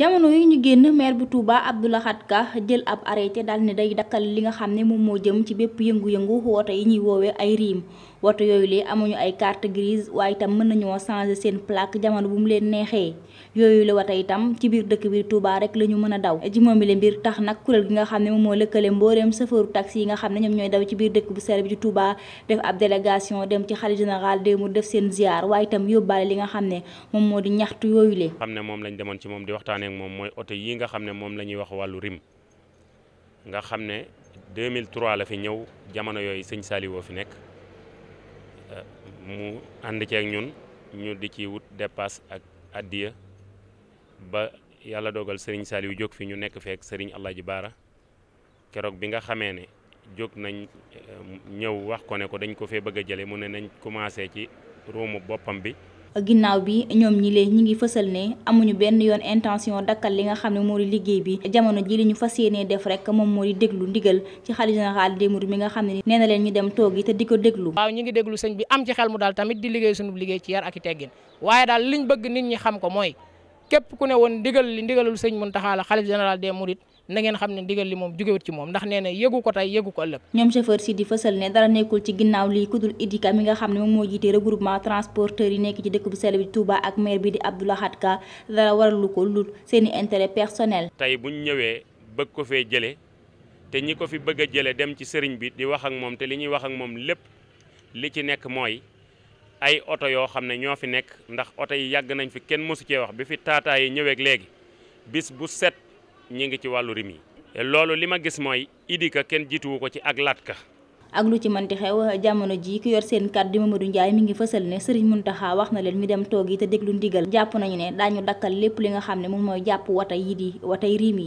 jamono yi ñu génn maire bu Touba Abdou Lahad Ka jël ab arrêté daal ne day dakkal li nga xam ne moom moo jëm ci bépp yëngu-yëngu woote yi ñuy woowee ay riim woto yooyu lee amuñu ay carte grise waaye itam mën nañu nañoo changer seen plaque jamono bu mu leen neexee yooyu la woto itam ci biir dëkk bi Touba rek la ñu mën a daw ji moom bi le mbir tax nag kuréel gi nga xam ne moom moo lëkkale mbooleem safaru taxi yi nga xam ne ñoom ñooy daw ci biir dëkk bu sell bi ci Touba def ab délégation dem ci xalifa général de mu def seen ziar waaye itam yóbbaale li nga xam ne moom moo di ñaxtu yooyu lee xam ne moom lañ demoon ci moom di waxtaanee moom mooy oto yi nga xam ne moom la ñuy wax wàllu rim nga xam ne 2003 la fi ñëw jamono yooyu sëñ Saliou fi nekk mu ànd ceeg ñun ñu di ci wut dépasse ak àddiya ba yàlla dogal sëriñ Saliou jóg fi ñu nekk feek sëriñ ji Baara keroog bi nga xamee ne jóg nañ eh, ñëw wax ko ne ko dañ ko fee bëgg a jële mu ne nañ commencé ci ruumu boppam bi ginnaaw bi ñoom ñi lee ñi ngi fësal ne amuñu benn yoon intention dakkal li nga xam ne moo di liggéey bi jamono ji li ñu fas yéenee def rek moom moo di déglu ndigal ci xalifa général des mourides mi nga xam ne nee na leen ñu dem toogi te di ko déglu waaw ñi ngi déglu sëñ bi am ci xel mu daal tamit di liggéey suñu liggéey ci yar ak i teggin waaye daal liñ bëgg nit ñi xam ko mooy képp ku ne woon ndigal li ndigalul sëñ Muntaxa la xalifa général des mourides na ngeen xam ne digal li moom jógewut ci moom ndax nee na ko tey yëgu ko ëllëg ñoom chauffeur si di fësal ne dara nekkul ci ginnaaw lii ku dul idika mi nga xam ne moom moo jiite regroupement transporteurs yi nekk ci dëkk bu sell ak maire bi di Abdou Lahad Ka dara waralu ko lul seeni intérêt personnel tey buñ ñëwee bëgg ko fee jële te ñi ko fi bëgg a jële dem ci sëriñ bi di wax ak moom te li ñuy wax ak moom lépp li ci nekk mooy ay oto yoo xam ne ñoo fi nekk ndax oto yi yàgg nañ fi kenn mosu cee wax bi fi taataa yi ñëweeg léegi ñi ngi ci wàllu rim yi loolu li ma gis mooy idika kenn jiituwu ko ci ak latka ak lu ci mënti xew jamono ji ki yor seen kàddu di Mamadou Ndiaye mi ngi fësal ne Serigne Mountakha wax na leen ñu dem toog yi te déglu ndigal jàpp nañu ne daañu dakkal lépp li nga xam ne moom mooy jàpp wata yi di watay riim yi